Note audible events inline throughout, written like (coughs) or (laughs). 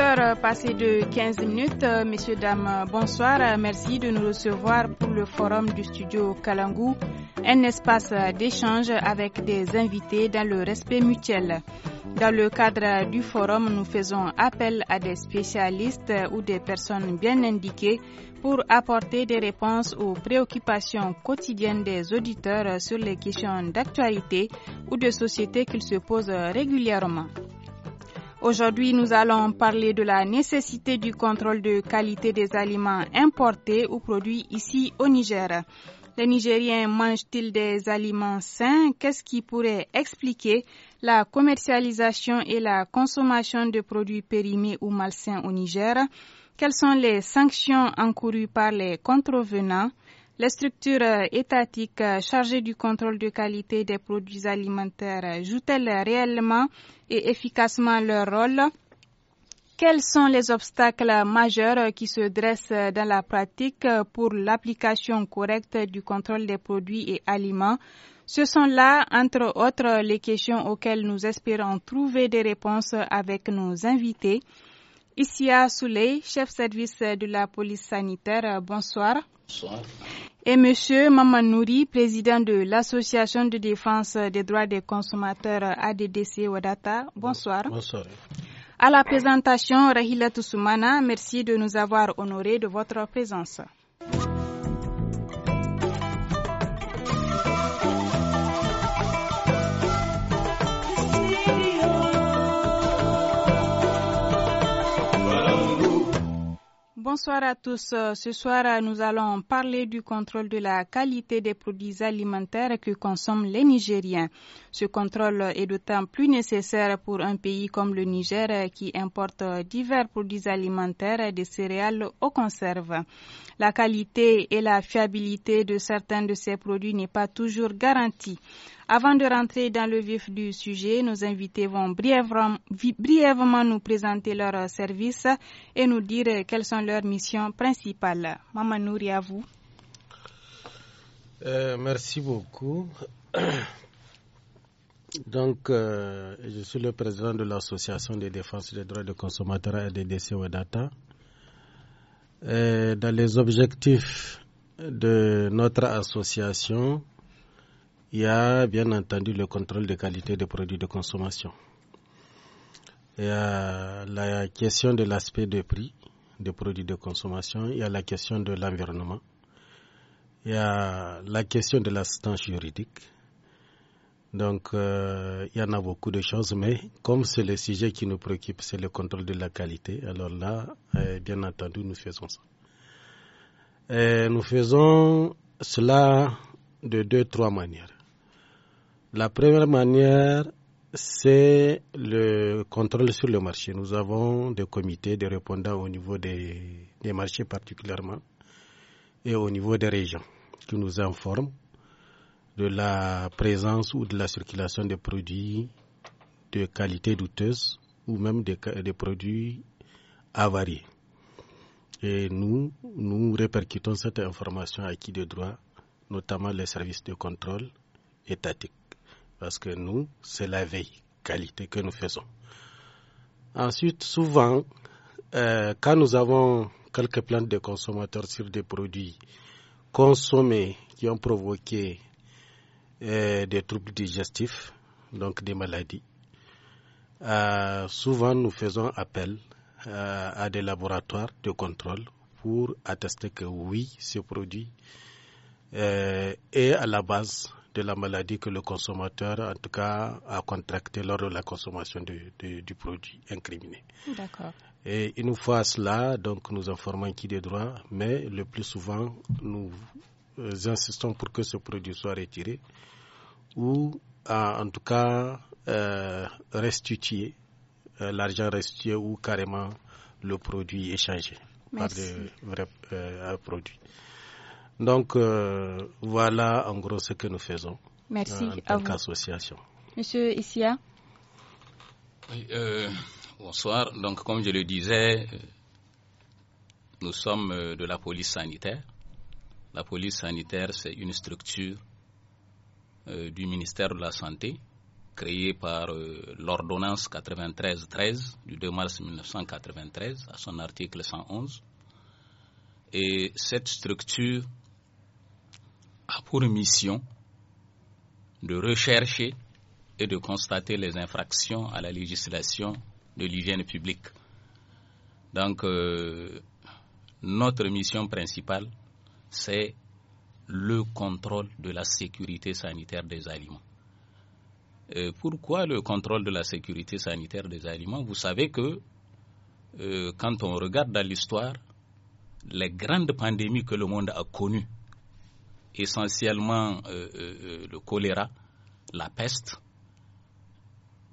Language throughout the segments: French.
heures euh, de 15 minutes. Euh, messieurs, dames, euh, bonsoir. Merci de nous recevoir pour le forum du studio Kalangu, un espace d'échange avec des invités dans le respect mutuel. Dans le cadre du forum, nous faisons appel à des spécialistes ou des personnes bien indiquées pour apporter des réponses aux préoccupations quotidiennes des auditeurs sur les questions d'actualité ou de société qu'ils se posent régulièrement. Aujourd'hui, nous allons parler de la nécessité du contrôle de qualité des aliments importés ou produits ici au Niger. Les Nigériens mangent-ils des aliments sains Qu'est-ce qui pourrait expliquer la commercialisation et la consommation de produits périmés ou malsains au Niger Quelles sont les sanctions encourues par les contrevenants les structures euh, étatiques euh, chargées du contrôle de qualité des produits alimentaires euh, jouent-elles réellement et efficacement leur rôle Quels sont les obstacles majeurs qui se dressent dans la pratique pour l'application correcte du contrôle des produits et aliments ce sont là, entre autres, les questions auxquelles nous espérons trouver des réponses avec nos invités. Ici à Souley, chef service de la police sanitaire, bonsoir. Bonsoir. Et M. Nouri, président de l'Association de défense des droits des consommateurs ADDC Wadata. Bonsoir. Bonsoir. À la présentation, Rahila Toussoumana, merci de nous avoir honorés de votre présence. bonsoir à tous. Euh, ce soir, euh, nous allons parler du contrôle de la qualité des produits alimentaires que consomment les Nigériens. Ce contrôle est d'autant plus nécessaire pour un pays comme le Niger euh, qui importe divers produits alimentaires et des céréales aux conserves. La qualité et la fiabilité de certains de ces produits n'est pas toujours garantie. Avant de rentrer dans le vif du sujet, nos invités vont brièvement, nous présenter leurs services et nous dire quelles sont leurs missions principales. Maman à vous. Euh, merci beaucoup. (coughs) Donc, euh, je suis le président de l'Association des défenses des droits des consommateurs et des au Data. Euh, dans les objectifs de notre association, il y a bien entendu le contrôle de qualité des produits de consommation. Il y a la question de l'aspect de prix des produits de consommation. Il y a la question de l'environnement. Il y a la question de l'assistance juridique. Donc, euh, il y en a beaucoup de choses, mais comme c'est le sujet qui nous préoccupe, c'est le contrôle de la qualité. Alors là, euh, bien entendu, nous faisons ça. Euh, nous faisons cela de deux, trois manières. La première manière, c'est le contrôle sur le marché. Nous avons des comités de répondants au niveau des, marchés particulièrement et au niveau des régions qui nous informent de la présence ou de la circulation des produits de qualité douteuse ou même des, produits avariés. Et nous, nous répercutons cette information à qui de droit, notamment les services de contrôle étatiques. Parce que nous, c'est la veille qualité que nous faisons. Ensuite, souvent, euh, quand nous avons quelques plaintes de consommateurs sur des produits consommés qui ont provoqué euh, des troubles digestifs, donc des maladies, euh, souvent nous faisons appel à des laboratoires de contrôle pour attester que oui, ce produit est à la base de la maladie que le consommateur, en tout cas, a contracté lors de la consommation du produit incriminé. D'accord. Et une fois cela, donc, nous informons qui des droits, mais le plus souvent, nous euh, insistons pour que ce produit soit retiré ou, en tout cas, euh, restitué, euh, l'argent restitué ou carrément le produit échangé par le vrai euh, produit. Donc, euh, voilà en gros ce que nous faisons. Euh, en tant qu'association. Monsieur Issia. Oui, euh, bonsoir. Donc, comme je le disais, nous sommes de la police sanitaire. La police sanitaire, c'est une structure du ministère de la Santé créée par l'ordonnance 93-13 du 2 mars 1993 à son article 111. Et cette structure a pour mission de rechercher et de constater les infractions à la législation de l'hygiène publique. Donc, euh, notre mission principale, c'est le contrôle de la sécurité sanitaire des aliments. Euh, pourquoi le contrôle de la sécurité sanitaire des aliments Vous savez que euh, quand on regarde dans l'histoire, les grandes pandémies que le monde a connues, essentiellement euh, euh, euh, le choléra, la peste,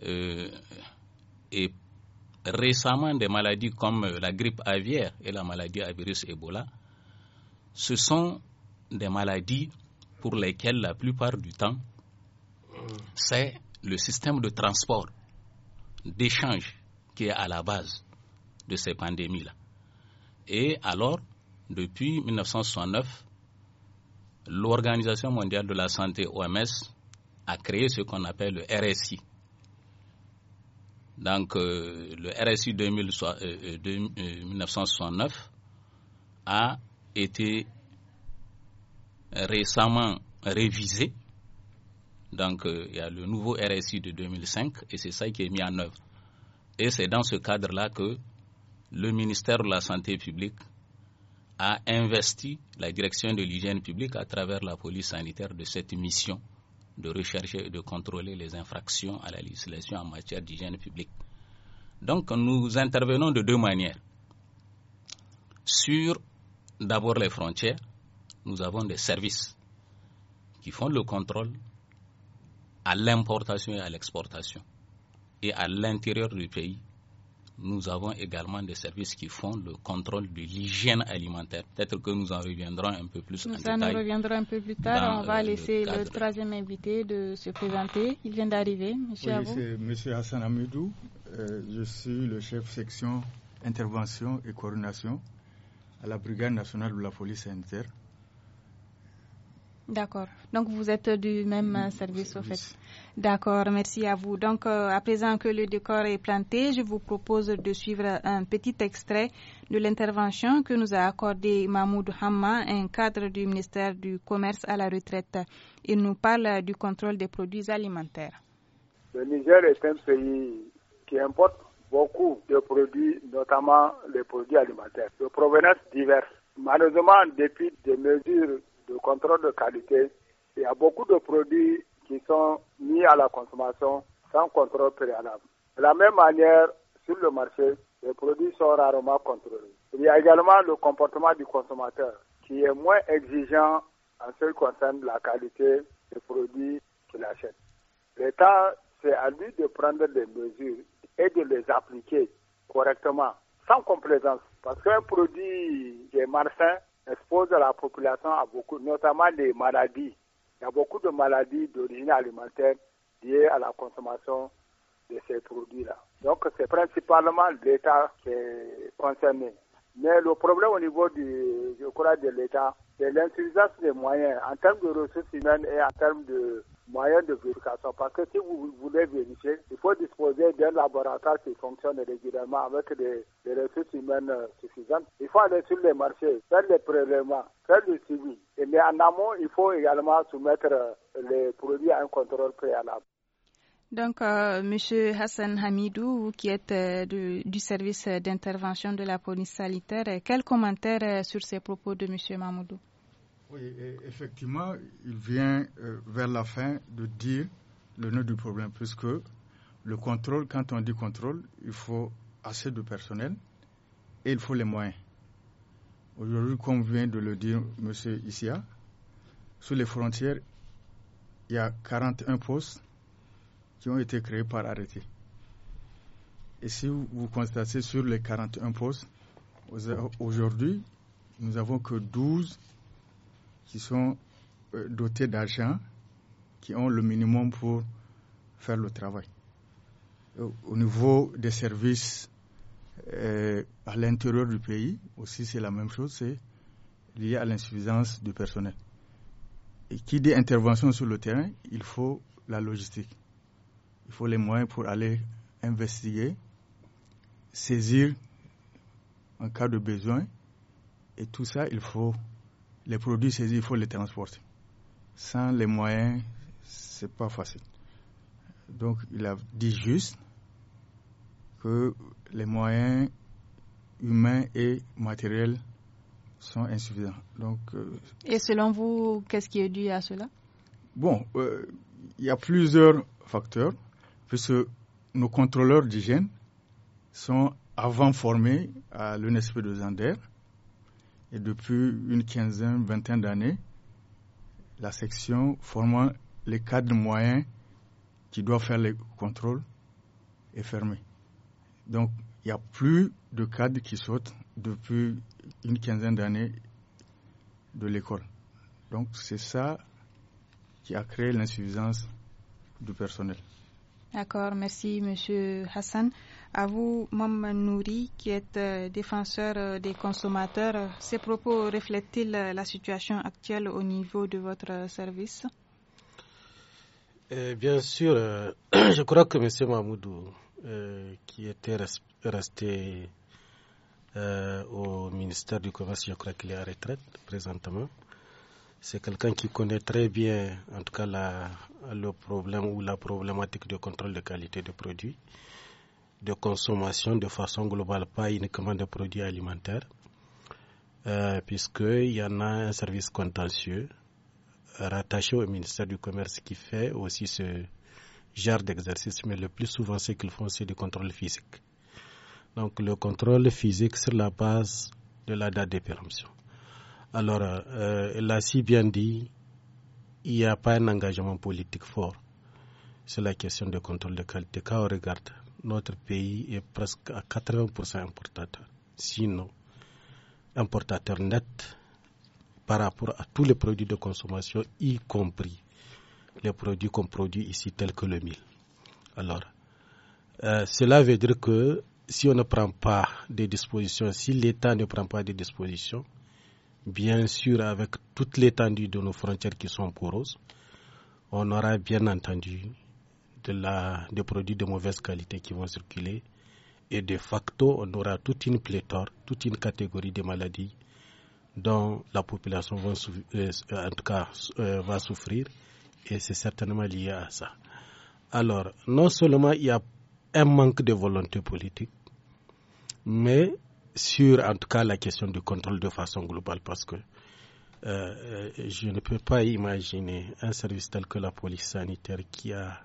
et récemment des maladies comme la grippe aviaire et la maladie à virus Ebola, ce sont des maladies pour lesquelles la plupart du temps, c'est le système de transport, d'échange qui est à la base de ces pandémies-là. Et alors, depuis 1969, l'Organisation mondiale de la santé, OMS, a créé ce qu'on appelle le RSI. Donc, euh, le RSI 1969 euh, euh, a été récemment révisé. Donc, il y a le nouveau RSI de 2005 et c'est ça qui est mis en œuvre. Et c'est dans ce cadre-là que le ministère de la Santé publique a investi la direction de l'hygiène publique à travers la police sanitaire de cette mission de rechercher et de contrôler les infractions à la législation en matière d'hygiène publique. Donc nous intervenons de deux manières. Sur d'abord les frontières, nous avons des services qui font le contrôle à l'importation et à l'exportation et à l'intérieur du pays nous avons également des services qui font le contrôle de l'hygiène alimentaire. Peut-être que nous en reviendrons un peu plus nous en, détail. Nous reviendrons un peu plus tard. On va euh, laisser le, troisième invité de se présenter. Il vient d'arriver. Monsieur oui, c'est Monsieur Hassan Amidou. Euh, je suis le chef section intervention et coordination à la Brigade nationale de la police sanitaire. D'accord. Donc vous êtes du même service, au fait. D'accord, merci à vous. Donc euh, à présent que le décor est planté, je vous propose de suivre un petit extrait de l'intervention que nous a accordé Mahmoud Hamma, un cadre du ministère du Commerce à la retraite. Il nous parle du contrôle des produits alimentaires. Le Niger est un pays qui importe beaucoup de produits, notamment les produits alimentaires, de provenance diverses. Malheureusement, depuis des mesures de contrôle de qualité. Il y a beaucoup de produits qui sont mis à la consommation sans contrôle préalable. De la même manière, sur le marché, les produits sont rarement contrôlés. Il y a également le comportement du consommateur qui est moins exigeant en ce qui concerne la qualité des produits qu'il achète. L'État, c'est à lui de prendre des mesures et de les appliquer correctement, sans complaisance. Parce qu'un produit qui est expose la population à beaucoup, notamment les maladies. Il y a beaucoup de maladies d'origine alimentaire liées à la consommation de ces produits-là. Donc c'est principalement l'État qui est concerné. Mais le problème au niveau du, je de l'État, c'est l'insuffisance des moyens en termes de ressources humaines et en termes de moyen de vérification. Parce que si vous voulez vérifier, il faut disposer d'un laboratoire qui fonctionne régulièrement avec des, ressources humaines euh, suffisantes. Il faut aller sur les marchés, faire les prélèvements, faire le suivi. mais en amont, il faut également soumettre euh, les produits à un contrôle préalable. Donc, euh, Monsieur Hassan Hamidou, qui est du, service d'intervention de la police sanitaire, quel commentaire sur ces propos de M. Mamoudou oui, effectivement, il vient euh, vers la fin de dire le nœud du problème, puisque le contrôle, quand on dit contrôle, il faut assez de personnel et il faut les moyens. Aujourd'hui, comme vient de le dire M. Issia, sur les frontières, il y a 41 postes qui ont été créés par arrêté. Et si vous constatez sur les 41 postes, aujourd'hui, nous n'avons que 12 qui sont euh, dotés d'argent, qui ont le minimum pour faire le travail. Euh, au niveau des services euh, à l'intérieur du pays, aussi c'est la même chose, c'est lié à l'insuffisance du personnel. Et qui dit intervention sur le terrain, il faut la logistique. Il faut les moyens pour aller investiguer, saisir en cas de besoin. Et tout ça, il faut les produits saisis, il faut les transporter. Sans les moyens, c'est pas facile. Donc, il a dit juste que les moyens humains et matériels sont insuffisants. Donc, euh, et selon vous, qu'est-ce qui est dû à cela Bon, euh, il y a plusieurs facteurs, puisque nos contrôleurs d'hygiène sont avant formés à l'UNSP de Zander. Et depuis une quinzaine, vingtaine d'années, la section formant les cadres moyens qui doivent faire les contrôles est fermée. Donc, il n'y a plus de cadres qui sautent depuis une quinzaine d'années de l'école. Donc, c'est ça qui a créé l'insuffisance du personnel. D'accord, merci Monsieur Hassan. À vous, Mme Nouri, qui êtes euh, défenseur euh, des consommateurs, ces propos reflètent-ils euh, la situation actuelle au niveau de votre service Bien sûr, (clears throat) je crois que M. Mahmoudou, qui était resté au ministère du Commerce, je crois qu'il est à retraite présentement, c'est quelqu'un qui connaît très bien, en tout cas, le problème ou la problématique de contrôle de qualité des produits de consommation de façon globale, pas uniquement de produits alimentaires, euh, puisqu'il y en a un service contentieux euh, rattaché au ministère du Commerce qui fait aussi ce genre d'exercice, mais le plus souvent ce qu'ils font, c'est du contrôle physique. Donc le contrôle physique sur la base de la date de péremption. Alors, euh, là, si bien dit, il n'y a pas un engagement politique fort sur la question de contrôle de qualité. Quand on regarde notre pays est presque à 80% importateur, sinon importateur net par rapport à tous les produits de consommation, y compris les produits qu'on produit ici, tels que le mil. Alors, euh, cela veut dire que si on ne prend pas des dispositions, si l'État ne prend pas des dispositions, bien sûr, avec toute l'étendue de nos frontières qui sont poreuses, on aura bien entendu de des produits de mauvaise qualité qui vont circuler. Et de facto, on aura toute une pléthore, toute une catégorie de maladies dont la population euh, euh, va, souffrir. Et c'est certainement lié à ça. Alors, non seulement il y a un manque de volonté politique, mais sur en tout cas la question du contrôle de façon globale parce que euh, je ne peux pas imaginer un service tel que la police sanitaire qui a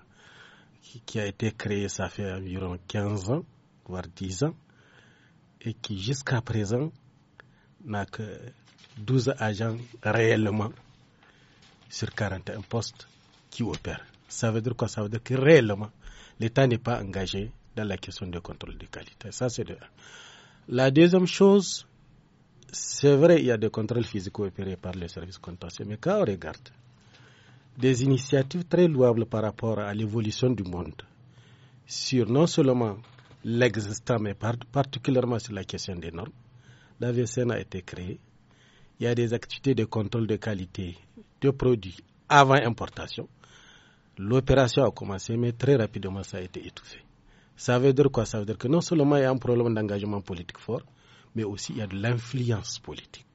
qui a été créé, ça fait environ 15 ans, voire 10 ans, et qui jusqu'à présent n'a que 12 agents réellement sur 41 postes qui opèrent. Ça veut dire quoi Ça veut dire que réellement, l'État n'est pas engagé dans la question de contrôle de qualité. Ça, c'est La deuxième chose, c'est vrai, il y a des contrôles physiques opérés par les services contentieux, mais quand on regarde des initiatives très louables par rapport à l'évolution du monde, sur non seulement l'existant, mais particulièrement sur la question des normes. La VCN a été créée. Il y a des activités de contrôle de qualité de produits avant importation. L'opération a commencé, mais très rapidement, ça a été étouffé. Ça veut dire quoi Ça veut dire que non seulement il y a un problème d'engagement politique fort, mais aussi il y a de l'influence politique.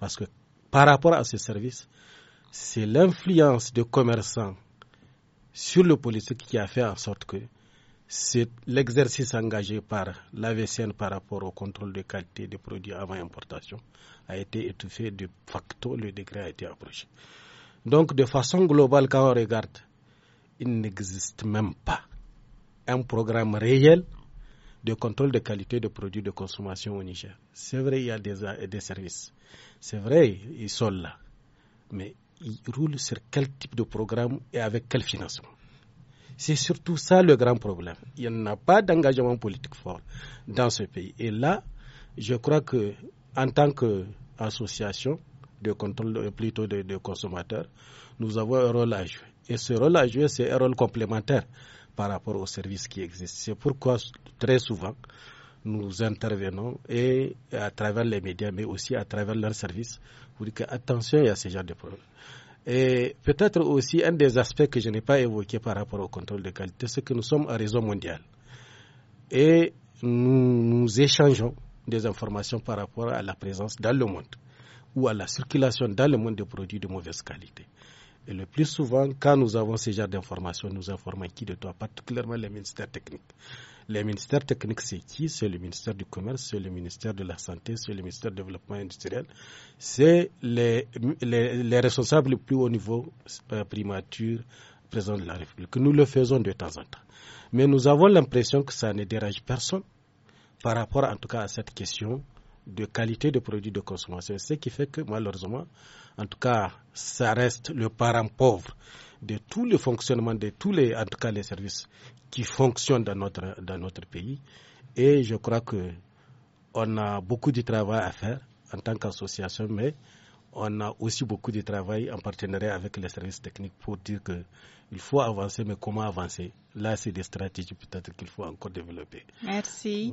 Parce que par rapport à ce service, c'est l'influence de commerçants sur le politique qui a fait en sorte que c'est l'exercice engagé par l'AVCN par rapport au contrôle de qualité des produits avant importation a été étouffé de facto, le décret a été approché. Donc, de façon globale, quand on regarde, il n'existe même pas un programme réel de contrôle de qualité des produits de consommation au Niger. C'est vrai, il y a des, des services. C'est vrai, ils sont là. Mais il roule sur quel type de programme et avec quel financement. C'est surtout ça le grand problème. Il n'y a pas d'engagement politique fort dans ce pays. Et là, je crois que en tant qu'association de contrôle, euh, plutôt de, consommateurs, nous avons un rôle à jouer. Et ce rôle à jouer, c'est un rôle complémentaire par rapport aux services qui existent. C'est pourquoi très souvent, nous intervenons et à travers les médias, mais aussi à travers leurs services, pour dire il y a ce genre de problème. Et peut-être aussi un des aspects que je n'ai pas évoqué par rapport au contrôle de qualité, c'est que nous sommes un réseau mondial. Et nous, nous échangeons des informations par rapport à la présence dans le monde ou à la circulation dans le monde de produits de mauvaise qualité. Et le plus souvent, quand nous avons ce genre d'informations, nous informons qui de toi, particulièrement les ministères techniques. Les ministères techniques, c'est qui C'est le ministère du Commerce, c'est le ministère de la Santé, c'est le ministère du Développement industriel. C'est les, responsables les plus haut niveau, euh, primature, présents de la République. Nous le faisons de temps en temps. Mais nous avons l'impression que ça ne dérange personne par rapport en tout cas à cette question de qualité de produits de consommation. Ce qui fait que malheureusement, en tout cas, ça reste le parent pauvre de tout le fonctionnement de tous en tout cas, les services qui fonctionne dans notre, dans notre pays. Et je crois que on a beaucoup de travail à faire en tant qu'association, mais on a aussi beaucoup de travail en partenariat avec les services techniques pour dire que il faut avancer, mais comment avancer Là, c'est des stratégies peut-être qu'il faut encore développer. Merci.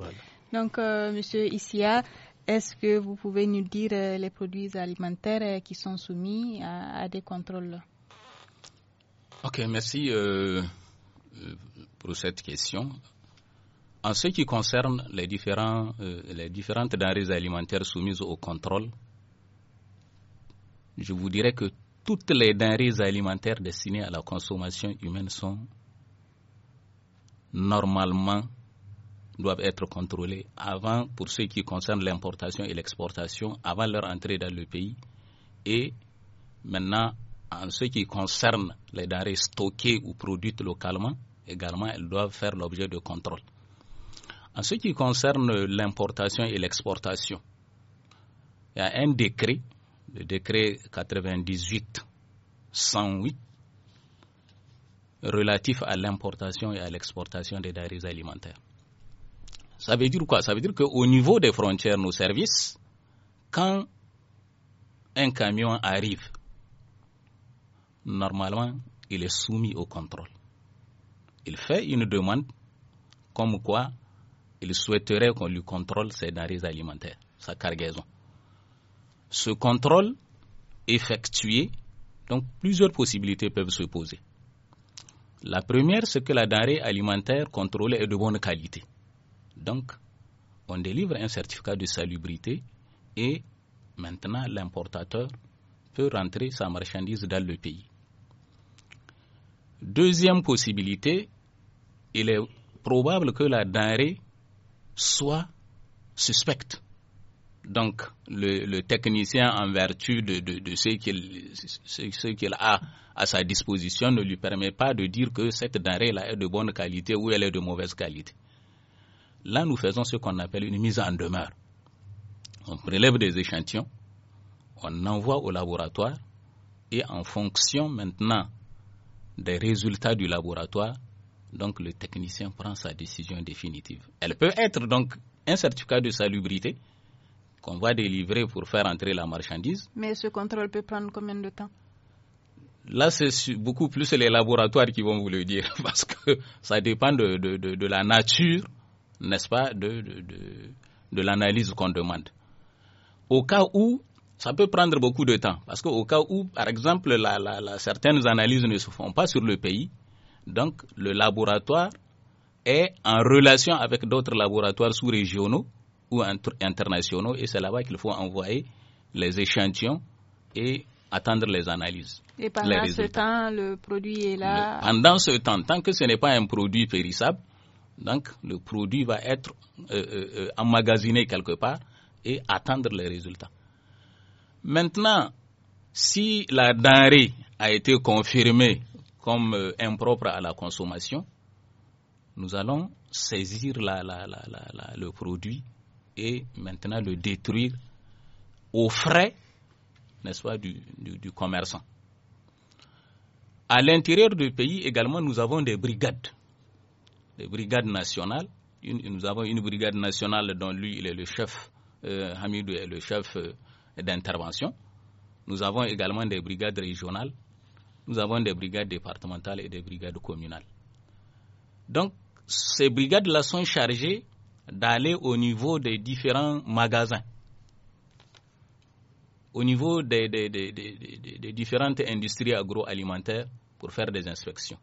Donc, euh, Monsieur Issia, est-ce que vous pouvez nous dire euh, les produits alimentaires euh, qui sont soumis à, à des contrôles Ok, merci pour cette question. En ce qui concerne les, différents, euh, les différentes denrées alimentaires soumises au contrôle, je vous dirais que toutes les denrées alimentaires destinées à la consommation humaine sont normalement doivent être contrôlées avant, pour ce qui concerne l'importation et l'exportation, avant leur entrée dans le pays. Et maintenant, en ce qui concerne les denrées stockées ou produites localement, également, elles doivent faire l'objet de contrôle. En ce qui concerne l'importation et l'exportation, il y a un décret, le décret 98-108, relatif à l'importation et à l'exportation des denrées alimentaires. Ça veut dire quoi Ça veut dire qu'au niveau des frontières, nos services, quand un camion arrive, normalement, il est soumis au contrôle il fait une demande comme quoi il souhaiterait qu'on lui contrôle ses denrées alimentaires, sa cargaison. Ce contrôle effectué, donc plusieurs possibilités peuvent se poser. La première, c'est que la denrée alimentaire contrôlée est de bonne qualité. Donc, on délivre un certificat de salubrité et maintenant l'importateur peut rentrer sa marchandise dans le pays. Deuxième possibilité, il est probable que la denrée soit suspecte. Donc, le, technicien, en vertu de, ce qu'il a à sa disposition, ne lui permet pas de dire que cette denrée-là est de bonne qualité ou elle est de mauvaise qualité. Là, nous faisons ce qu'on appelle une mise en demeure. On prélève des échantillons, on envoie au laboratoire et en fonction maintenant des résultats du laboratoire, donc le technicien prend sa décision définitive. Elle peut être donc un certificat de salubrité qu'on va délivrer pour faire entrer la marchandise. Mais ce contrôle peut prendre combien de temps Là, c'est beaucoup plus les laboratoires qui vont vous le dire, (laughs) parce que ça dépend de, de, de, la nature, n'est-ce pas, de, de l'analyse qu'on demande. Au cas où ça peut prendre beaucoup de temps. Parce qu'au cas où, par exemple, la, la, certaines analyses ne se font pas sur le pays, donc le laboratoire est en relation avec d'autres laboratoires sous-régionaux ou internationaux et c'est là-bas qu'il faut envoyer les échantillons et attendre les analyses. Et pendant ce temps, le produit est là. pendant ce temps, tant que ce n'est pas un produit périssable, donc le produit va être euh, euh, euh, emmagasiné quelque part et attendre les résultats. Maintenant, si la denrée a été confirmée comme euh, impropre à la consommation, nous allons saisir le produit et maintenant le détruire aux frais, n'est-ce pas, du, commerçant. À l'intérieur du pays également, nous avons des brigades, des brigades nationales. nous avons une brigade nationale dont lui, il est le chef, Hamid euh, Hamidou est le chef. Euh, d'intervention. Nous avons également des brigades régionales, nous avons des brigades départementales et des brigades communales. Donc, ces brigades-là sont chargées d'aller au niveau des différents magasins, au niveau des, des, des différentes industries agroalimentaires pour faire des inspections.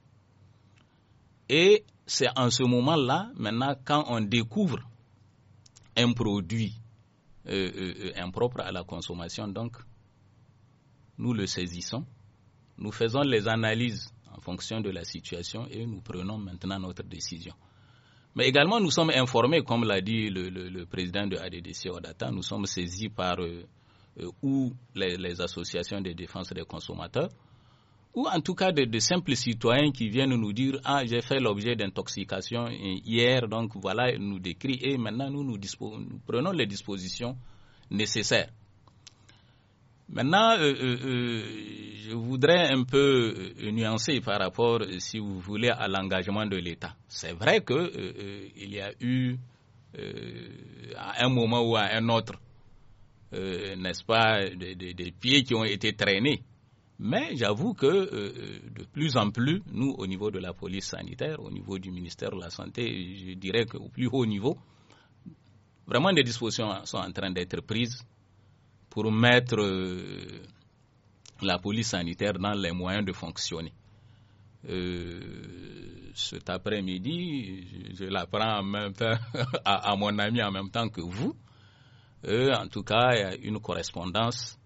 Et c'est en ce moment-là, maintenant, quand on découvre un produit euh, euh, euh, impropres à la consommation. Donc, nous le saisissons, nous faisons les analyses en fonction de la situation et nous prenons maintenant notre décision. Mais également, nous sommes informés, comme l'a dit le, président de ADDC Odata, nous sommes saisis par ou les, associations de défense des consommateurs ou en tout cas de, simples citoyens qui viennent nous dire Ah, j'ai fait l'objet d'intoxication hier, donc voilà, nous décrit, et maintenant nous, nous, prenons les dispositions nécessaires. Maintenant, euh, euh, euh, je voudrais un peu nuancer par rapport, si vous voulez, à l'engagement de l'État. C'est vrai que il y a eu, à un moment ou à un autre, n'est-ce pas, des pieds qui ont été traînés mais j'avoue que euh, euh, de plus en plus, nous, au niveau de la police sanitaire, au niveau du ministère de la Santé, je dirais qu'au plus haut niveau, vraiment des dispositions sont en train d'être prises pour mettre euh, la police sanitaire dans les moyens de fonctionner. cet après-midi, je, l'apprends en même (laughs) à, à, mon ami en même temps que vous. en tout cas, il y a une correspondance,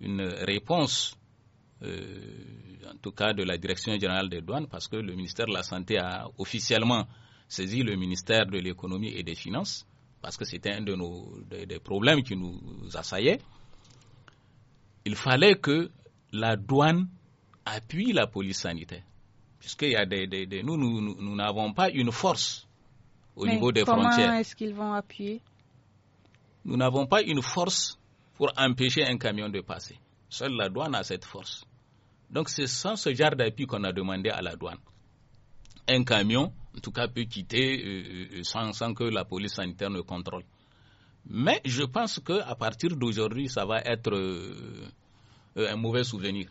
une réponse euh, en tout cas de la Direction générale des douanes, parce que le ministère de la Santé a officiellement saisi le ministère de l'économie et des finances, parce que c'était un de nos des, problèmes qui nous assaillait. Il fallait que la douane appuie la police sanitaire. Puisque nous, nous, n'avons pas une force au niveau des frontières. Comment est-ce qu'ils vont appuyer Nous n'avons pas une force pour empêcher un camion de passer. Seule la douane a cette force. Donc c'est sans ce genre d'appui qu'on a demandé à la douane. Un camion, en tout cas, peut quitter euh, euh, euh, sans, que la police sanitaire ne contrôle. Mais je pense qu'à partir d'aujourd'hui, ça va être un mauvais souvenir.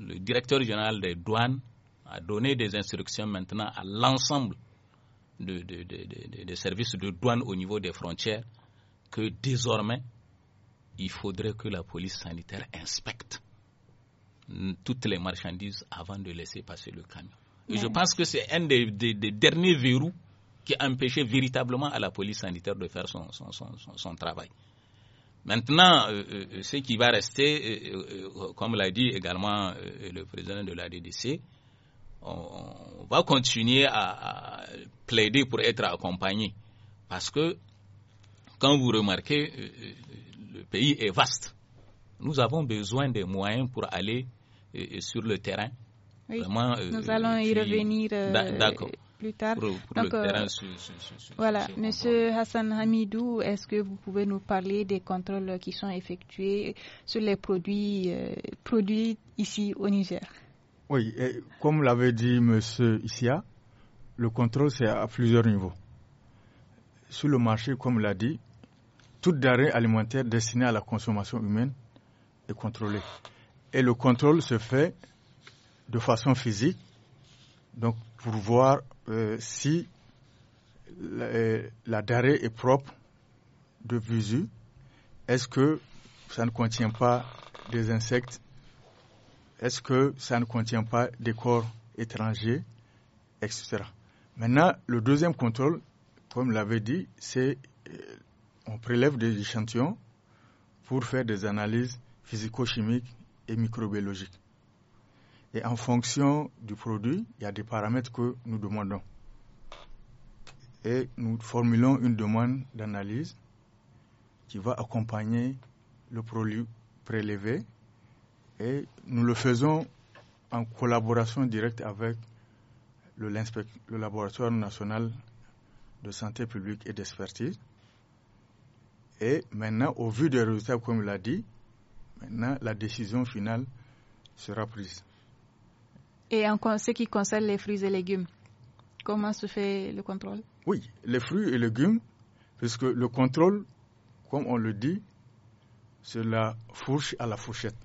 Le directeur général des douanes a donné des instructions maintenant à l'ensemble des services de douane au niveau des frontières que désormais, il faudrait que la police sanitaire inspecte Mm, toutes les marchandises avant de laisser passer le camion. je pense que c'est un des, derniers verrous qui empêchait véritablement à la police sanitaire de faire son, travail. Maintenant, euh, euh, euh, ce qui va rester, comme l'a dit également le président de la DDC, on, va continuer à, à, plaider pour être accompagné. Parce que, quand vous remarquez, le pays est vaste. Nous avons besoin des moyens pour aller sur le terrain. Euh, nous allons y revenir. Euh, plus tard. Pour, voilà, Monsieur Hassan Hamidou, est-ce que vous pouvez nous parler des contrôles qui sont effectués sur les produits euh, produits ici au Niger Oui, comme l'avait dit Monsieur Issia, le contrôle c'est à plusieurs niveaux. Sur le marché, comme l'a dit, toute d'arrêt alimentaire destinée à la consommation humaine est contrôlée. Et le contrôle se fait de façon physique, donc pour voir euh, si la, euh, la darée est propre de visu. Est-ce que ça ne contient pas des insectes Est-ce que ça ne contient pas des corps étrangers Etc. Maintenant, le deuxième contrôle, comme l'avait dit, c'est euh, on prélève des échantillons pour faire des analyses physico-chimiques et microbiologique. Et en fonction du produit, il y a des paramètres que nous demandons. Et nous formulons une demande d'analyse qui va accompagner le produit prélevé et nous le faisons en collaboration directe avec le, le laboratoire national de santé publique et d'expertise. Et maintenant, au vu des résultats, comme il a dit, Maintenant, la décision finale sera prise. Et en ce qui concerne les fruits et légumes, comment se fait le contrôle Oui, les fruits et légumes, puisque le contrôle, comme on le dit, c'est la fourche à la fourchette.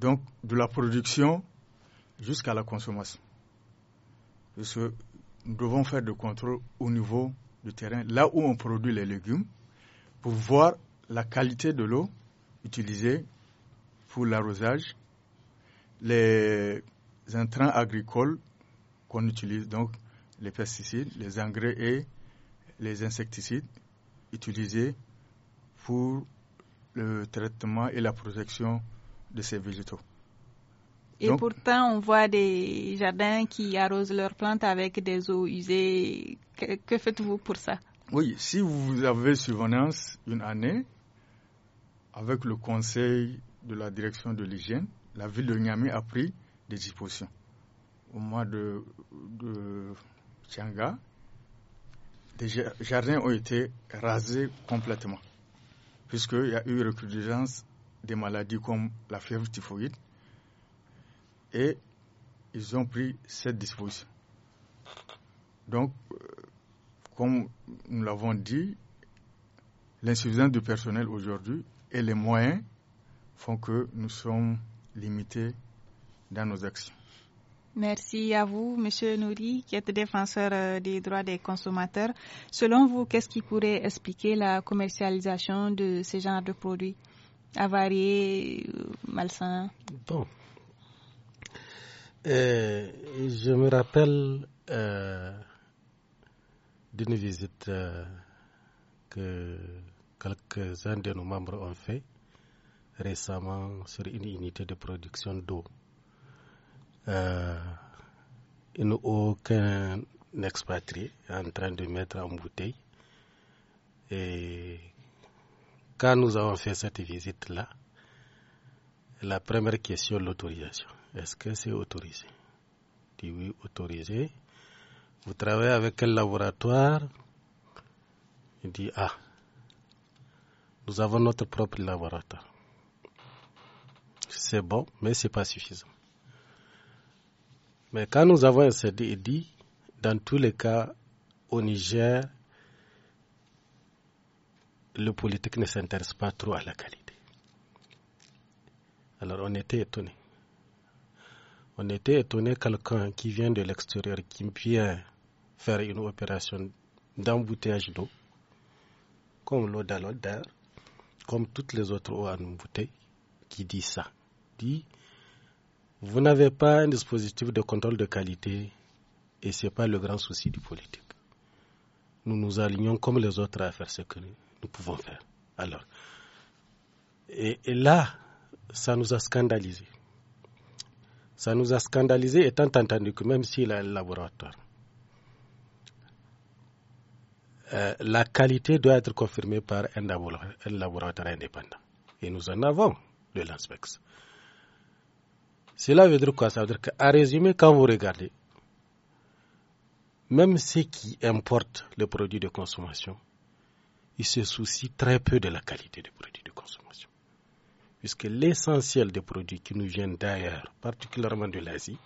Donc, de la production jusqu'à la consommation. nous devons faire du contrôle au niveau du terrain, là où on produit les légumes, pour voir la qualité de l'eau, utilisés pour l'arrosage, les intrants agricoles qu'on utilise, donc les pesticides, les engrais et les insecticides utilisés pour le traitement et la protection de ces végétaux. Et pourtant, on voit des jardins qui arrosent leurs plantes avec des eaux usées. Que, que faites-vous pour ça Oui, si vous avez survenance une année, avec le conseil de la direction de l'hygiène, la ville de Niamey a pris des dispositions. Au mois de, Tianga, des jardins ont été rasés complètement, puisqu'il y a eu recrudescence des maladies comme la fièvre typhoïde, et ils ont pris cette disposition. Donc, euh, comme nous l'avons dit, l'insuffisance du personnel aujourd'hui et les moyens font que nous sommes limités dans nos actions. Merci à vous, Monsieur Nouri, qui êtes défenseur euh, des droits des consommateurs. Selon vous, qu'est-ce qui pourrait expliquer la commercialisation de ce genre de produits avariés, euh, malsains Bon. Euh, je me rappelle d'une visite que quelques-uns de nos membres ont fait récemment sur une unité de production d'eau. Euh, n'y a aucun expatrié en train de mettre en bouteille. Et quand nous avons fait cette visite-là, la première question, l'autorisation. Est-ce que c'est autorisé Il Dit oui, autorisé. Vous travaillez avec quel laboratoire Il dit ah, nous avons notre propre laboratoire. C'est bon, mais ce n'est pas suffisant. Mais quand nous avons un CDI, dans tous les cas, au Niger, le politique ne s'intéresse pas trop à la qualité. Alors on était étonné. On était étonné quelqu'un qui vient de l'extérieur, qui vient faire une opération d'embouteillage d'eau, comme l'eau d'air, comme toutes les autres OAN bouteille, qui dit ça. Dit, vous n'avez pas un dispositif de contrôle de qualité et ce n'est pas le grand souci du politique. Nous nous alignons comme les autres à faire ce que nous pouvons faire. Alors, et, là, ça nous a scandalisés. Ça nous a scandalisés étant entendu que même si le laboratoire euh, la qualité doit être confirmée par un laboratoire, indépendant. Et nous en avons de l'inspex. Cela veut dire quoi Ça veut dire qu'à résumer, quand vous regardez, même ceux qui importent les produits de consommation, ils se soucient très peu de la qualité des produits de consommation. Puisque l'essentiel des produits qui nous viennent d'ailleurs, particulièrement de l'Asie,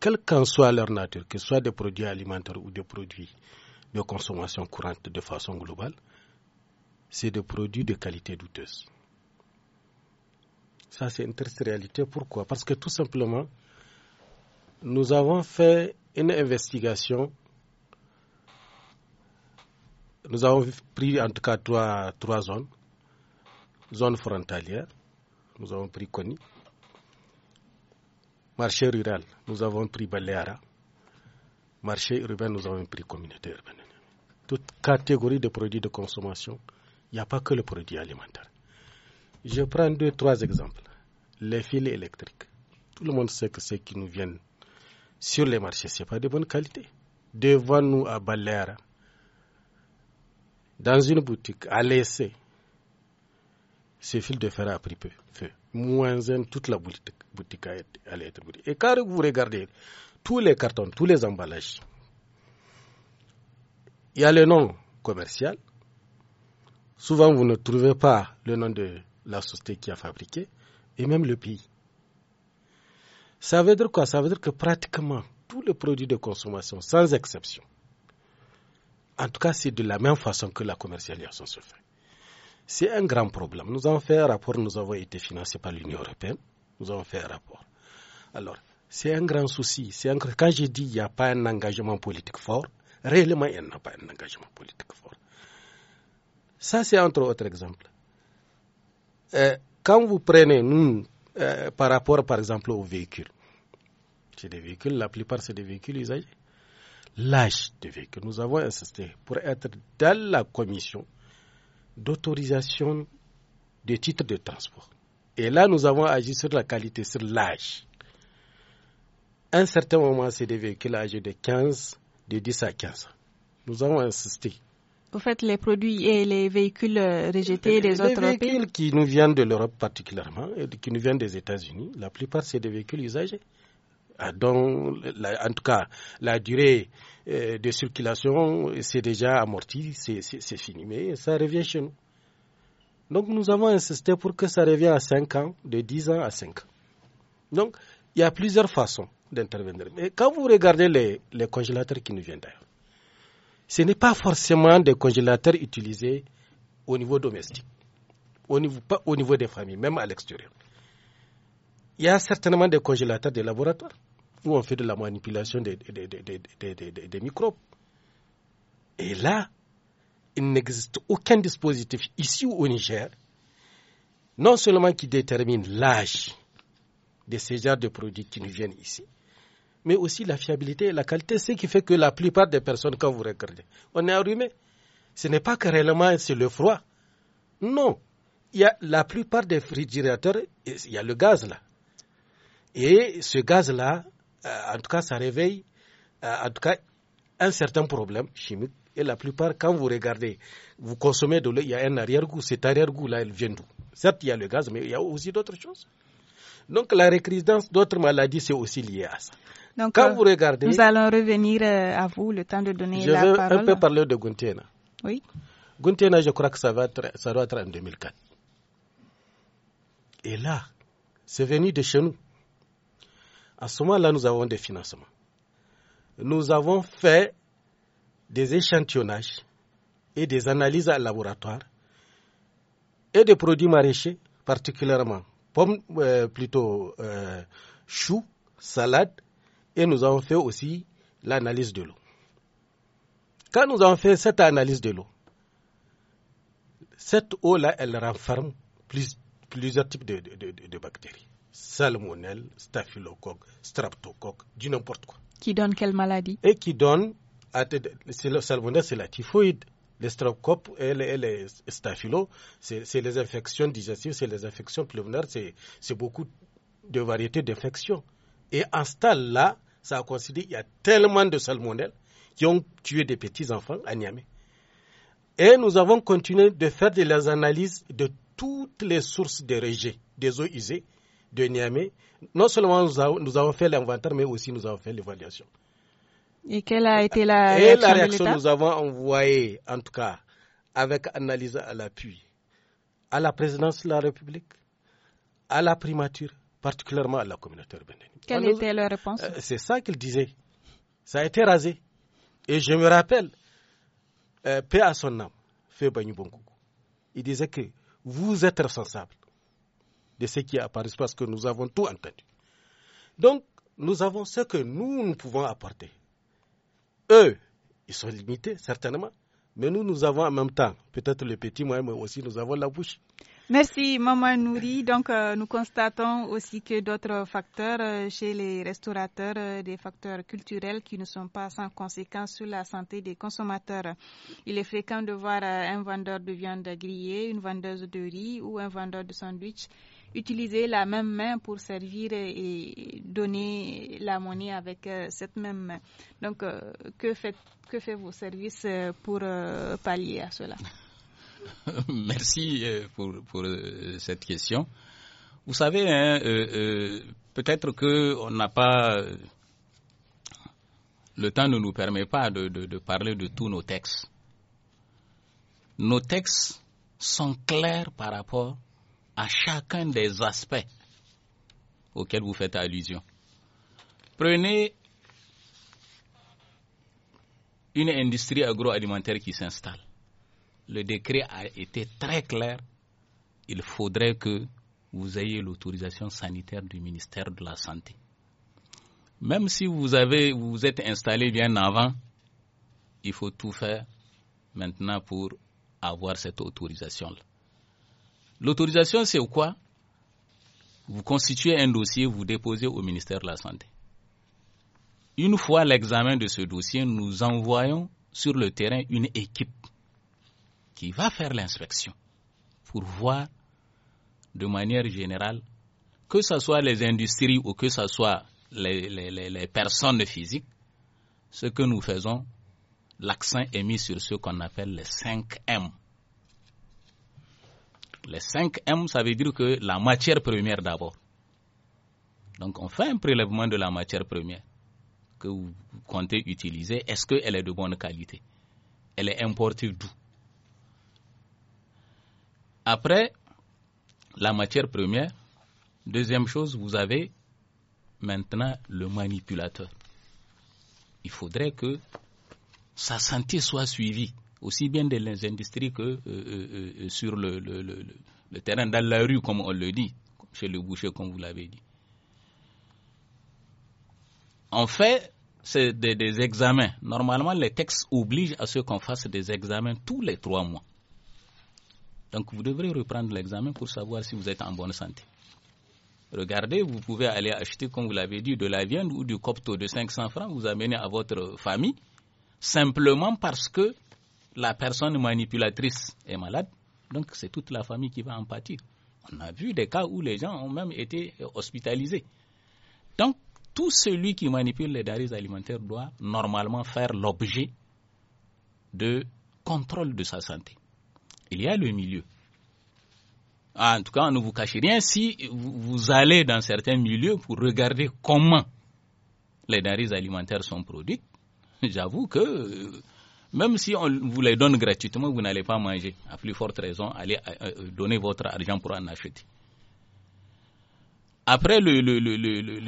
quelle qu'en soit leur nature, que ce soit des produits alimentaires ou des produits de consommation courante de façon globale, c'est des produits de qualité douteuse. Ça, c'est une triste réalité. Pourquoi Parce que tout simplement, nous avons fait une investigation. Nous avons pris en tout cas trois, trois zones. Zone frontalière, nous avons pris Kony. Marché rural, nous avons pris Baleara marché urbain, nous avons un prix communautaire urbain. Toute catégorie de produits de consommation, il n'y a pas que le produit alimentaire. Je prends deux, trois exemples. Les fils électriques. Tout le monde sait que ceux qui nous viennent sur les marchés, ce n'est pas de bonne qualité. Devant nous, à Balera, dans une boutique, à l'essai, ce fil de fer a pris peu, Moins un, toute la boutique, boutique a été, a Et quand vous regardez, tous les cartons, tous les emballages. Il y a le nom commercial. Souvent, vous ne trouvez pas le nom de la société qui a fabriqué et même le pays. Ça veut dire quoi Ça veut dire que pratiquement tous les produits de consommation, sans exception, en tout cas, c'est de la même façon que la commercialisation se fait. C'est un grand problème. Nous avons fait un rapport, nous avons été financés par l'Union européenne. Nous avons fait un rapport. Alors, c'est un grand souci. C'est Quand je dis qu'il n'y a pas un engagement politique fort, réellement, il n'y a pas un engagement politique fort. Ça, c'est entre autres exemples. Euh, quand vous prenez, nous, euh, par rapport, par exemple, aux véhicules, c'est des véhicules, la plupart, c'est des véhicules usagés. L'âge des véhicules, nous avons insisté pour être dans la commission d'autorisation des titres de transport. Et là, nous avons agi sur la qualité, sur l'âge un certain moment, c'est des véhicules âgés de 15, de 10 à 15. Nous avons insisté. Vous faites les produits et les véhicules euh, rejetés des autres pays Les véhicules qui nous viennent de l'Europe particulièrement, et qui nous viennent des États-Unis, la plupart, c'est des véhicules usagés. Ah, Donc, en tout cas, la durée euh, de circulation, c'est déjà amorti, c'est fini, mais ça revient chez nous. Donc, nous avons insisté pour que ça revienne à 5 ans, de 10 ans à 5 ans. Donc, il y a plusieurs façons d'intervenir. Mais quand vous regardez les, congélateurs qui nous viennent d'ailleurs, ce n'est pas forcément des congélateurs utilisés au niveau domestique, au niveau, pas au niveau des familles, même à l'extérieur. Il y a certainement des congélateurs des laboratoires où on fait de la manipulation des, microbes. Et là, il n'existe aucun dispositif ici ou au Niger, non seulement qui détermine l'âge de ces genres de produits qui nous viennent ici, mais aussi la fiabilité et la qualité, ce qui fait que la plupart des personnes, quand vous regardez, on est arrumé. Ce n'est pas que réellement c'est le froid. Non. la plupart des frigérateurs, il y a le gaz là. Et ce gaz-là, euh, en tout cas, ça réveille, euh, en tout cas, un certain problème chimique. Et la plupart, quand vous regardez, vous consommez de l'eau, il y a un arrière-goût. Cet arrière-goût-là, il vient d'où Certes, il y a le gaz, mais il y a aussi d'autres choses. Donc, la récrédence d'autres maladies, c'est aussi lié à ça quand euh, vous regardez. Nous allons revenir euh, à vous le temps de donner je veux un peu parler de Guntiena. Oui. Guntiena, je crois que ça, va doit être en 2004. Et là, c'est venu de chez nous. À ce moment-là, nous avons des financements. Nous avons fait des échantillonnages et des analyses à laboratoire et des produits maraîchers, particulièrement pommes, euh, plutôt choux, salades, et nous avons fait aussi l'analyse de l'eau. Quand nous avons fait cette analyse de l'eau, cette eau-là, elle renferme plusieurs types de, bactéries. Salmonelle, staphylocoque, streptocoque, du n'importe quoi. Qui donne quelle maladie Et qui donne, le salmonelle, c'est la typhoïde. Les streptocoques et les, staphylo, c'est les infections digestives, c'est les infections pulmonaires, c'est beaucoup de variétés d'infections. Et en ce là ça a considéré qu'il y a tellement de salmonelles qui ont tué des petits-enfants à Niamey. Et nous avons continué de faire des analyses de toutes les sources de rejets, des eaux usées de Niamey. Non seulement nous avons, fait l'inventaire, mais aussi nous avons fait l'évaluation. Et quelle a été la réaction la nous avons envoyé, en tout cas, avec analyse à l'appui, à la présidence de la République, à la primature, particulièrement à la communauté urbaine. Quelle était leur réponse euh, C'est ça qu'ils disaient. Ça a été rasé. Et je me rappelle, euh, paix à son âme, Il disait que vous êtes responsable de ce qui apparaît parce que nous avons tout entendu. Donc, nous avons ce que nous, nous pouvons apporter. Eux, ils sont limités, certainement, mais nous, nous avons en même temps, peut-être le petit moi mais aussi nous avons la bouche. Merci, Maman Nouri. Donc, euh, nous constatons aussi que d'autres facteurs euh, chez les restaurateurs, euh, des facteurs culturels qui ne sont pas sans conséquence sur la santé des consommateurs. Il est fréquent de voir un vendeur de viande grillée, une vendeuse de riz ou un vendeur de sandwich utiliser la même main pour servir et donner la monnaie avec cette même main. Donc, que, fait, que fait vos services pour pallier à cela? (laughs) Merci euh, pour, euh, cette question. Vous savez, hein, euh, peut-être que on n'a pas. Le temps ne nous permet pas de parler de tous nos textes. Nos textes sont clairs par rapport à chacun des aspects auxquels vous faites allusion. Prenez une industrie agroalimentaire qui s'installe le décret a été très clair. Il faudrait que vous ayez l'autorisation sanitaire du ministère de la Santé. Même si vous avez, vous, êtes installé bien avant, il faut tout faire maintenant pour avoir cette autorisation-là. L'autorisation, c'est quoi Vous constituez un dossier, vous déposez au ministère de la Santé. Une fois l'examen de ce dossier, nous envoyons sur le terrain une équipe qui va faire l'inspection pour voir de manière générale, que ce soit les industries ou que ce soit les, personnes physiques, ce que nous faisons, l'accent est mis sur ce qu'on appelle les 5 M. Les 5 M, ça veut dire que la matière première d'abord. Donc on fait un prélèvement de la matière première que vous comptez utiliser. Est-ce qu'elle est de bonne qualité Elle est importée d'où après la matière première, deuxième chose, vous avez maintenant le manipulateur. Il faudrait que sa santé soit suivie, aussi bien dans les industries que euh, euh, euh, sur le, terrain, dans la rue, comme on le dit, chez le boucher, comme vous l'avez dit. On fait des, des examens. Normalement, les textes obligent à ce qu'on fasse des examens tous les trois mois. Donc vous devrez reprendre l'examen pour savoir si vous êtes en bonne santé. Regardez, vous pouvez aller acheter, comme vous l'avez dit, de la viande ou du copteau de 500 francs, vous amener à votre famille, simplement parce que la personne manipulatrice est malade. Donc c'est toute la famille qui va en pâtir. On a vu des cas où les gens ont même été hospitalisés. Donc tout celui qui manipule les denrées alimentaires doit normalement faire l'objet de contrôle de sa santé. Il y a le milieu. En tout cas, ne vous cachez rien si vous allez dans certains milieux pour regarder comment les denrées alimentaires sont produites. (laughs) J'avoue que euh, même si on vous les donne gratuitement, vous n'allez pas manger. À plus forte raison, allez euh, euh, donner votre argent pour en acheter. Après le,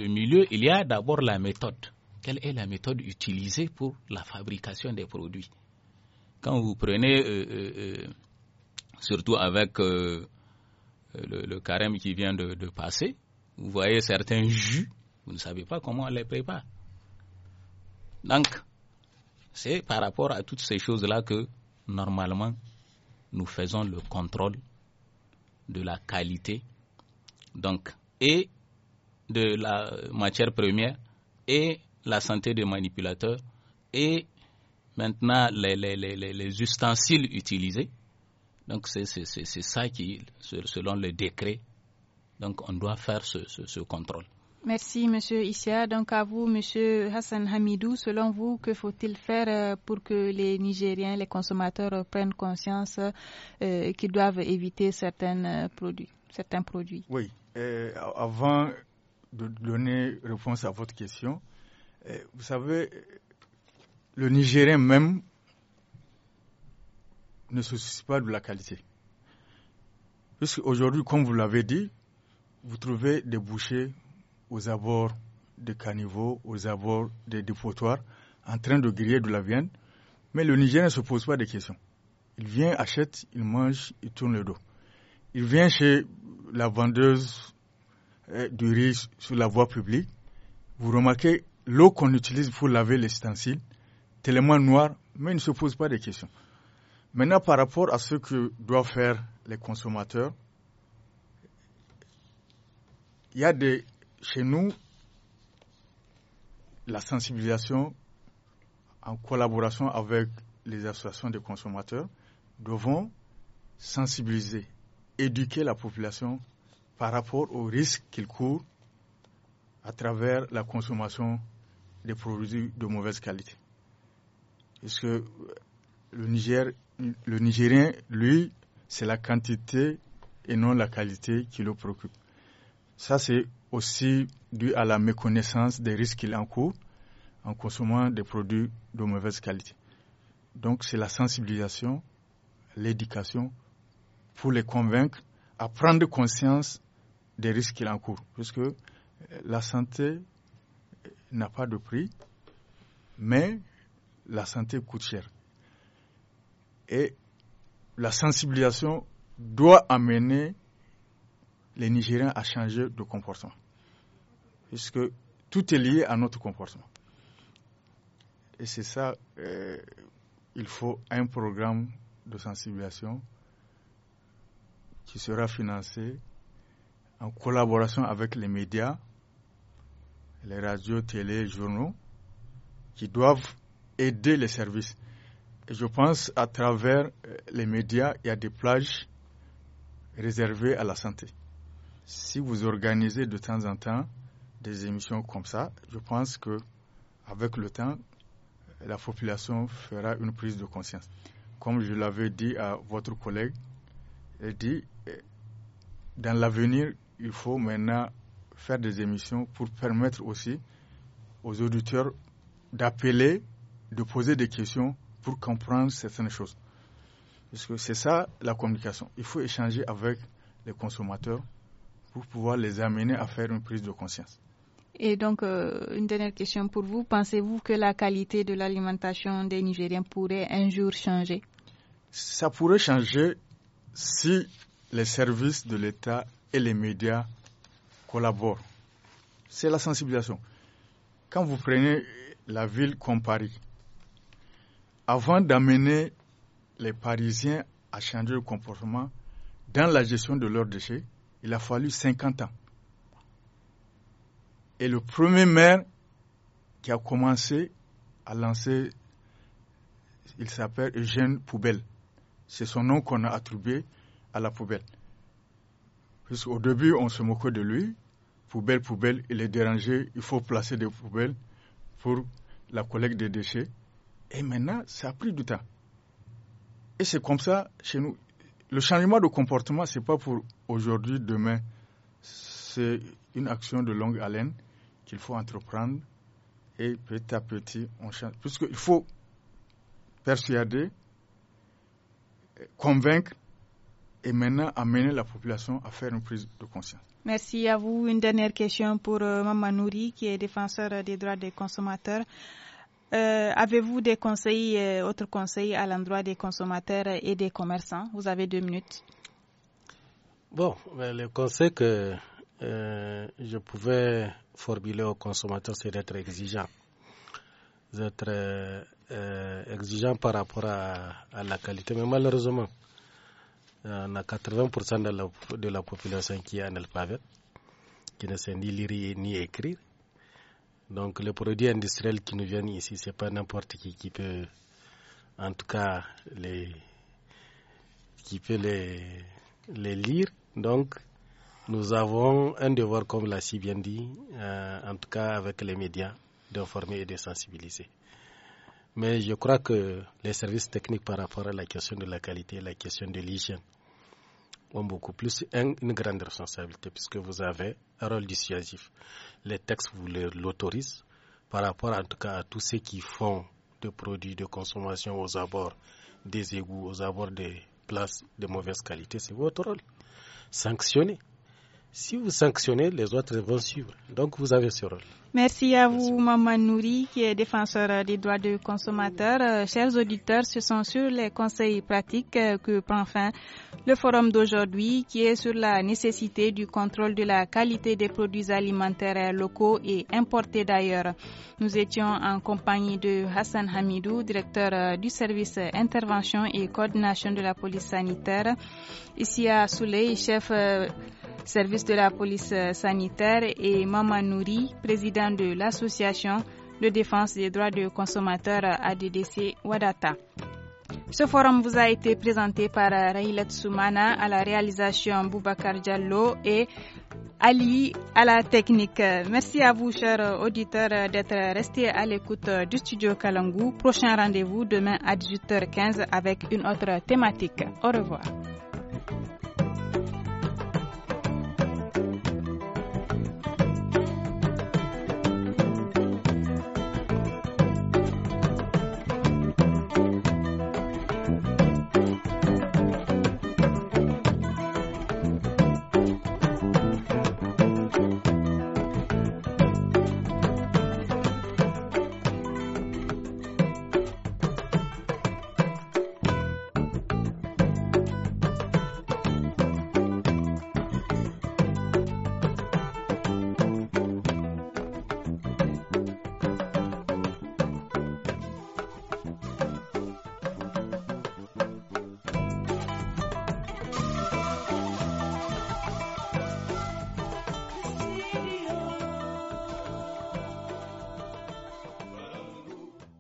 milieu, il y a d'abord la méthode. Quelle est la méthode utilisée pour la fabrication des produits Quand vous prenez surtout avec euh, le, carême qui vient de, passer. Vous voyez certains jus, vous ne savez pas comment on les prépare. Donc, c'est par rapport à toutes ces choses-là que normalement nous faisons le contrôle de la qualité donc, et de la matière première et la santé des manipulateurs et maintenant les ustensiles utilisés donc c'est ça qui, selon le décret, donc on doit faire ce, contrôle. Merci, Monsieur Issia. Donc, à vous, Monsieur Hassan Hamidou, selon vous, que faut-il faire euh, pour que les Nigériens, les consommateurs prennent conscience euh, qu'ils doivent éviter certains euh, produits, certains produits Oui. avant de donner réponse à votre question, vous savez, le Nigérien même ne se soucie pas de la qualité. Aujourd'hui, comme vous l'avez dit, vous trouvez des bouchers aux abords des caniveaux, aux abords des dépotoirs, en train de griller de la viande, mais le Niger ne se pose pas de questions. Il vient, achète, il mange, il tourne le dos. Il vient chez la vendeuse euh, du riz sur la voie publique. Vous remarquez l'eau qu'on utilise pour laver les ustensiles, tellement noire, mais il ne se pose pas de questions. Maintenant, par rapport à ce que doivent faire les consommateurs, il y a des, chez nous la sensibilisation en collaboration avec les associations des consommateurs. Devons sensibiliser, éduquer la population par rapport aux risques qu'ils courent à travers la consommation des produits de mauvaise qualité. Est-ce que le Niger le Nigérien, lui, c'est la quantité et non la qualité qui le préoccupe. Ça, c'est aussi dû à la méconnaissance des risques qu'il encourt en consommant des produits de mauvaise qualité. Donc, c'est la sensibilisation, l'éducation pour les convaincre à prendre conscience des risques qu'il encourt. Puisque la santé n'a pas de prix, mais la santé coûte cher. Et la sensibilisation doit amener les Nigériens à changer de comportement. Puisque tout est lié à notre comportement. Et c'est ça, euh, il faut un programme de sensibilisation qui sera financé en collaboration avec les médias, les radios, télé, journaux, qui doivent aider les services je pense, à travers euh, les médias, il y a des plages réservées à la santé. Si vous organisez de temps en temps des émissions comme ça, je pense que avec le temps, la population fera une prise de conscience. Comme je l'avais dit à votre collègue, dit euh, dans l'avenir, il faut maintenant faire des émissions pour permettre aussi aux auditeurs d'appeler, de poser des questions pour comprendre certaines choses. Parce que c'est ça la communication. Il faut échanger avec les consommateurs pour pouvoir les amener à faire une prise de conscience. Et donc, euh, une dernière question pour vous. Pensez-vous que la qualité de l'alimentation des Nigériens pourrait un jour changer Ça pourrait changer si les services de l'État et les médias collaborent. C'est la sensibilisation. Quand vous prenez la ville comme Paris, avant d'amener les Parisiens à changer le comportement dans la gestion de leurs déchets, il a fallu 50 ans. Et le premier maire qui a commencé à lancer, il s'appelle Eugène Poubelle. C'est son nom qu'on a attribué à la poubelle. Au début, on se moquait de lui. Poubelle, poubelle, il est dérangé, il faut placer des poubelles pour la collecte des déchets. Et maintenant, ça a pris du temps. Et c'est comme ça chez nous. Le changement de comportement, ce n'est pas pour aujourd'hui, demain. C'est une action de longue haleine qu'il faut entreprendre. Et petit à petit, on change. Puisqu'il faut persuader, convaincre et maintenant amener la population à faire une prise de conscience. Merci à vous. Une dernière question pour euh, Maman Nouri, qui est défenseur des droits des consommateurs. Euh, avez-vous des conseils, euh, autres conseils à l'endroit des consommateurs et des commerçants Vous avez deux minutes. Bon, ben, le conseil que euh, je pouvais formuler aux consommateurs, c'est d'être exigeant. D'être exigeant par rapport à, la qualité. Mais malheureusement, on a 80% de la, de la population qui est analphabète, qui ne sait ni lire ni écrire donc les produits industriels qui nous viennent ici, n'est pas n'importe qui qui peut, en tout cas, les, qui peut les, lire. Donc nous avons un devoir, comme l'a si bien dit, euh, en tout cas avec les médias, d'informer et de sensibiliser. Mais je crois que les services techniques par rapport à la question de la qualité, la question de l'hygiène, ont beaucoup plus une grande responsabilité puisque vous avez un rôle dissuasif. Les textes vous l'autorisent par rapport en tout cas à tous ceux qui font de produits de consommation aux abords des égouts, aux abords des places de mauvaise qualité. C'est votre rôle. Sanctionner. Si vous sanctionnez, les autres vont suivre. Donc vous avez ce rôle. Merci à vous, Maman Nouri, qui est défenseur des droits des consommateurs. Euh, chers auditeurs, ce sont sur les conseils pratiques euh, que prend fin le forum d'aujourd'hui, qui est sur la nécessité du contrôle de la qualité des produits alimentaires locaux et importés d'ailleurs. Nous étions en compagnie de Hassan Hamidou, directeur euh, du service intervention et coordination de la police sanitaire. Ici à Souley, chef service de la police euh, sanitaire, et Mama Nouri, président de l'association de défense des droits de consommateurs ADDC Wadata. Ce forum vous a été présenté par euh, Rahilat Soumana à la réalisation Boubacar Diallo et Ali à la technique. Merci à vous, chers auditeurs, d'être restés à l'écoute du studio Kalangu. Prochain rendez-vous demain à 18h15 avec une autre thématique. Au revoir.